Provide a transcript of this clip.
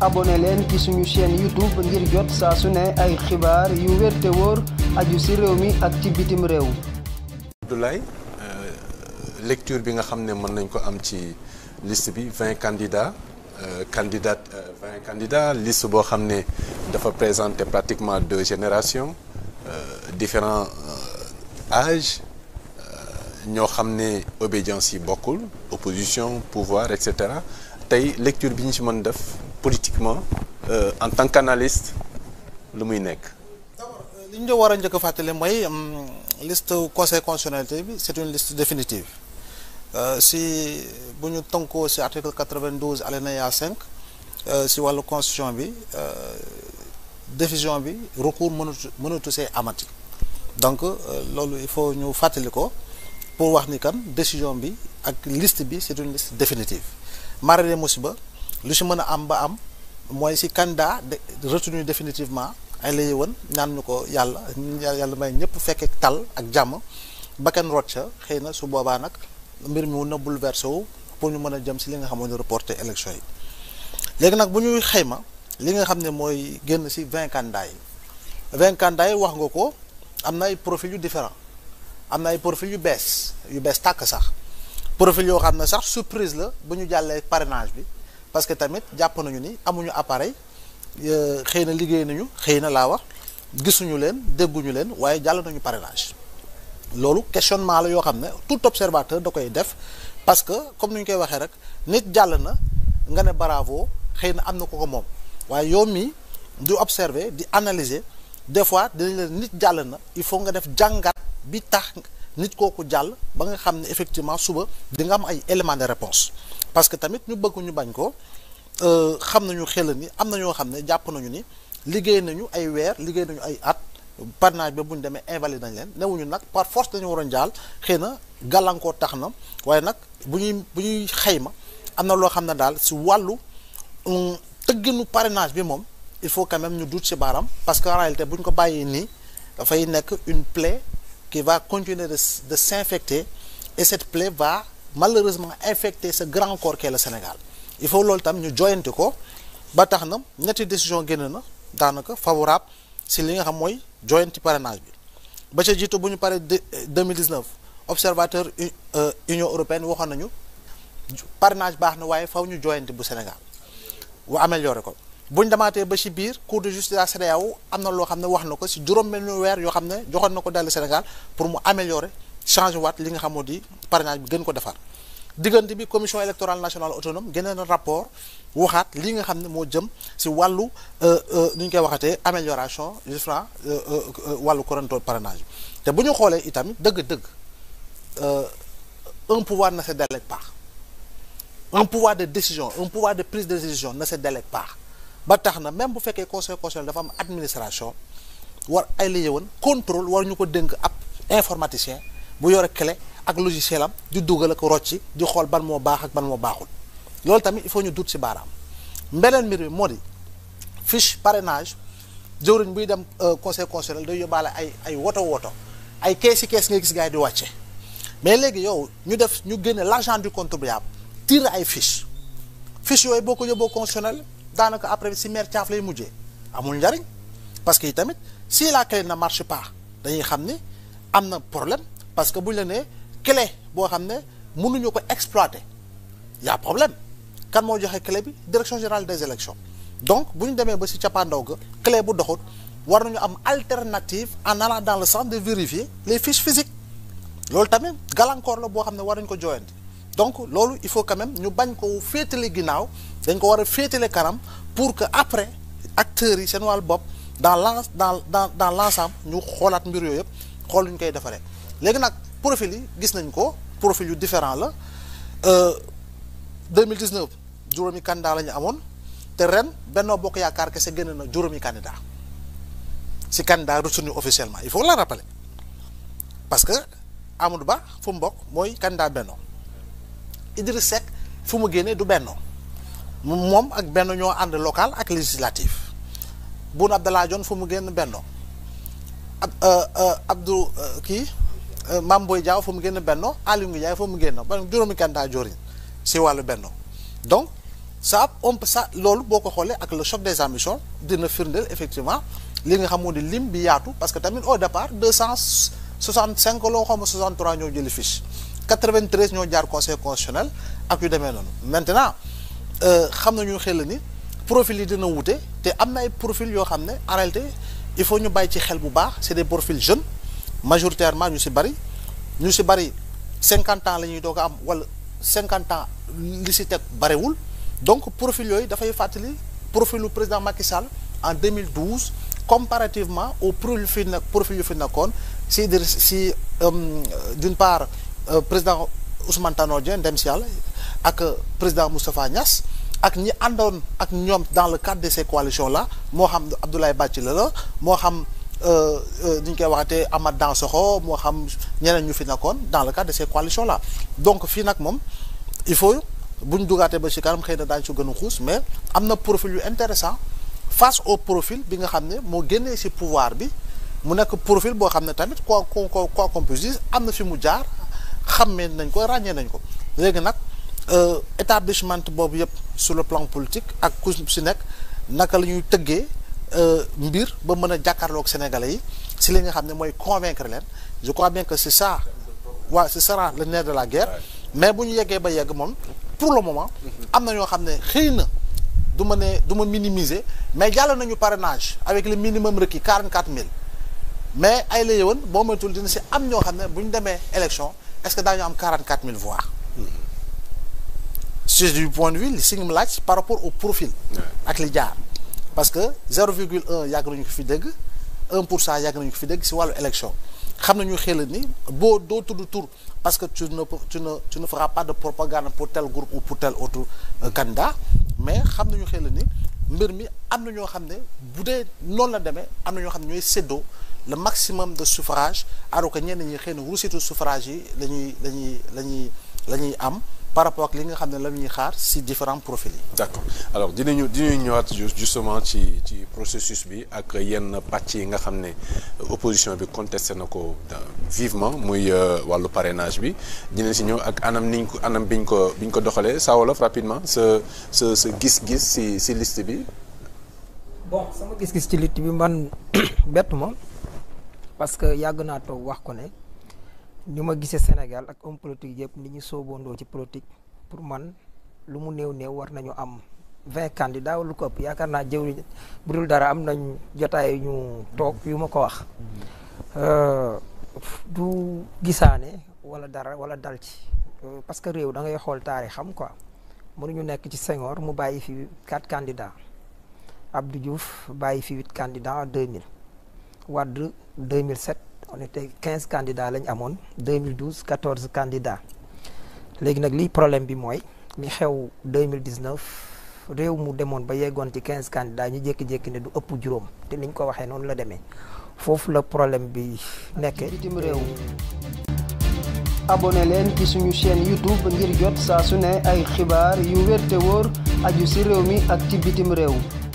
abone leen ci suñu chaîne YouTube ngir jot saa su ne ay xibaar yu wér te wóor aju ci réew mi ak ci bitim réew. Abdoulaye euh, lecture bi nga xam ne mën nañ ko am ci liste bi vingt candidats euh, candidat euh, vingt candidats liste boo xam ne dafa présenter pratiquement deux générations différents âges ñoo xam ne obédience yi bokkul opposition pouvoir et cetera tey lecture bi ñu ci mën def. politiquement euh, en tant qu'analyste lu muy nekk. Euh, li ñu war a njëkk fàttali mooy liste conseil constitutionnalité bi c'est une liste définitive euh, si bu ñu tënkoo si article 92 alinéa 5 si wàllu constitution bi défision bi recours mënatu mënatu see amati donc loolu il faut ñu fàttali ko pour wax ni kan décision bi ak liste bi c'est une liste définitive mara de musiba lu si mën a am ba am mooy si de retenu definitivement ay la yëwan ñaan ñu ko yàlla yàlla may ñëpp fekkee tal ak jàmm bakkan rocca xëy na su boobaa nag mbir mi mun na bouleversé wu pour ñu mën a jëm si li nga xam ne reporter élection yi léegi nag bu ñuy xayma li nga xam ne mooy génn si vingt candidats yi vingt candidats yi wax nga ko am na ay profil yu différent am na ay profil yu bees yu bees tàkk sax profil yoo xam ne sax surprise la bu ñu jàllee parrainage bi parce que tamit jàpp nañu ni amuñu appareil euh, xëy na liggéey nañu xëy na laa wax gisuñu leen dégguñu leen waaye jàll nañu parrainage loolu questionnement la yoo xam ne tout observateur da koy def parce que comme ni ñu koy waxee rek nit jàll na nga ne bravo xëy na am na ko ko moom waaye yow mii di observer di analyser des fois dinañ la nit jàll na il faut nga def jàngat bi tax nit kooku jàll ba nga xam ne effectivement suba di nga am ay éléments de réponse parce que tamit ñu bëgg bañ ko euh, xam nañu xel ni am na ñoo xam ne jàpp nañu ni liggéey nañu ay weer liggéey nañu ay at parrainage ba bu ñu demee invalide nañ leen newuñu nag par force dañu waroon jàll xëy na gàllankoor tax na waaye nag bu ñuy bu ñuy xayma am na loo xam ne daal si wàllu um, tëgginu parenage bi moom il faut quand même ñu duut si baaram parce que en réalité bu ñu ko bàyyee nii dafay nekk une plaie qui va continuer de, de s'infecter et cette plaie va malheureusement infecter ce grand corps qu'est le Sénégal il faut loolu tam ñu joyante ko ba tax na ñetti décision génn na daanaka favorable si li nga xam mooy joyanti parenage bi ba ca jiitu bu ñu paree de 2019 euh, observateur euh, Union européenne waxoon nañu parrainage baax na waaye faw ñu joyanti bu Sénégal wa amélioré ko buñ damaatee ba ci biir cour de justice de am na loo xam ne wax na ko si juróom-benn mel weer yoo xam ne joxoon na ko daal Sénégal pour mu améliorer changer waat li nga xamoo di parrainage bi gën ko defar diggante bi commission électorale nationale autonome génne na rapport waxaat li nga xam ne moo jëm si wàllu euh, euh, nu ñu koy waxatee amélioration justement euh, wàllu coronto parrainage te bu ñu xoolee itamit dëgg-dëgg un pouvoir ne se délègue pas un pouvoir de décision de prise de décision ne ba tax na même bu fekkee conseil constitutionnel dafa am administration war ay la woon contrôle war ñu ko dénk ab informaticien bu yore kele ak logiciel am di dugal ak rocci di xool ban moo baax ak ban moo baaxul loolu tamit il faut ñu dut si baaraam mbeneen mbir moo di fiche parrainage jëwriñ buy dem euh, conseil constitutionnel day yóbbaale ay ay woto woto ay kees yi kees ngay gis gaa yi di wàcce mais léegi yow ñu def ñu génne l' argent du contribuable tire ay fiche fiche yooyu boo ko yóbboo constitutionnel daanaka après si mer caaf lay mujjee amul njariñ parce que tamit si la clé na marche pas dañuy xam ni am na problème parce que bu ñu la nee clé boo xam ne mënuñu ko exploiter y a problème kan moo joxe clé bi direction générale des élections donc bu ñu demee ba si cappaandaw ga clé bu doxut war nañu am alternative en allant dans le sens de vérifier les fiches physiques loolu tamit gàllankoor la boo xam ne war nañ ko jooyanti donc loolu il faut quand même ñu bañ ko féetale ginnaaw dañ ko war a féetale kanam pour que après acteurs yi seen wàll bopp dans l' dans dans dans l' ensemble ñu xoolaat mbir yooyu yëpp xool lu ñu koy defaree léegi nag profil yi gis nañ ko profil yu différent la 2019 euh, juróomi candidat la ñu amoon te ren Benno Bokk Yaakaar kese génn na juróomi candidat si candidat retenu officiellement il faut la rappeler parce que Amadou Ba fu mbokk mooy candidat Benno Idriss Seck fu mu génnee du bennoo moom ak benn ñoo ànd local ak législatif Boun Abdallah Dionne fu mu génn benno ab euh, euh, Abdou euh, kii Mame booy Diao fu mu génn benno Aly Ngouille Ndiaye fu mu génn ba juróomi kandidat joriñ si wàll benno donc ça on sa loolu boo ko xoolee ak le choc des ambitions dina firndeel effectivement li nga xam moo di lim bi yaatu parce que tamit au départ deux cent soixante cinq loo xam ne soixante trois ñoo jëli fiche quatre vingt treize ñoo jaar conseil constitutionnel ak yu demee noonu maintenant. Euh, xam ñu xel ni profil yi dina wute te am na ay profil yoo xam ne en réalité il faut ñu bàyyi ci xel bu baax c'est des profils jeunes majoritairement ñu si bari ñu si bari cinquante ans la ñuy doog a am wala cinquante ans li si teg barewul donc profil yooyu dafay fàttali profilu président Macky Sall en 2012 comparativement au profil fi nag profil yu fi nekkoon si si euh, d'une part euh, président Ousmane Tanor Dieng si yàlla ak euh, président Moustapha Niass ak ñi àndoon ak ñoom dans le cadre de ces coalitions la moo xam Abdoulaye Bathily la la moo xam euh, euh, ni ñu koy waxatee Amath Dansokho moo xam ñeneen ñu fi nekkoon dans le cadre de ces coalitions là donc fii nag moom il faut bu ñu dugaatee ba ci kanam xëy na daañu su gën a xuus mais am na profil yu intéressant face au profil bi nga xam ne moo génnee ci pouvoir bi mu nekk profil boo xam ne tamit quoi qu'on quoi qu'on puisse am na fi mu jaar xàmmee nañ ko ràññee nañ ko nag Euh, établissement boobu yëpp sur le plan politique ak ku si nekk naka la ñuy tëggee euh, mbir ba mën a jàkkaarloog sénégalais yi si li nga xam ne mooy convaincre leen je crois bien que c'est ça waa ce sera le nerf de la guerre mais bu ñu yeggee ba yegg moom pour le moment am na ñoo xam ne xëy na du ma ne du ma minimiser mais jàll nañu parrainage avec le minimum requis quarante quatre mille mais ay la yëwan boo moytul dina si am ñoo xam ne bu ñu demee élection est-ce que daañu am quarante quatre mille c'est du point de vue par rapport au profil. ak li jaar parce que 0,1 yàgg nañu ko fi dégg 1 pour cent yàgg nañu ko fi dégg si wàllu élection xam nañu xel ni boo doo tudd tur parce que tu ne tu ne tu ne feras pas de propagande pour tel groupe ou pour tel autre euh, candidat mais xam na nañu xel ni mbir mi am na ñoo xam ne bu dee noonu la demee am na ñoo xam ne ñooy seddoo le maximum de suffrage alors que ñenn ñi xëy na ruusitu suffrage yi la ñuy la ñuy la la ñuy am par rapport ak li nga xam ne la ñuy xaar si différents profils yi. d' accord alors dinañu ñu ñëwaat justement ci ci processus bi ak yenn pàcc yi nga xam ne opposition bi contesté na ko vivement muy euh, wàllu parrainage bi dinañ si ñëw ak anam niñ ko anam biñ ko biñ ko doxalee Sa Wolof rapidement sa sa gis-gis si si liste bi. bon sama gis-gis ci liste bi man bett ma parce que yàgg naa toog wax ko ne. ni ma gisee Sénégal ak homme politique yëpp ni ñu sóoboondoo ci politique pour man lu mu néew néew war nañu am vingt candidats wala lu ko ëpp yaakaar naa jëw bu dul dara am nañ jotaay ñu toog yu ma ko wax euh, du gisaane wala dara wala dal ci euh, parce que réew da ngay xool taari xam quoi mënuñu nekk ci Senghor mu bàyyi fi quatre candidats Abdou Diouf bàyyi fi huit candidats en deux mille Wade deux mille sept on était quinze candidats lañ amoon 2012 14 candidats léegi nag liy problème bi mooy li xew 2019 réew mu demoon ba yeggoon ci quinze candidats ñu jékki-jékki ne du ëpp juróom te niñ ko waxee noonu la demee foofu la problème bi nekkee. bitim réew leen ci suñu chaîne YouTube ngir jot saa su ne ay xibaar yu wér te wóor aju si réew mi ak ci bitim réew.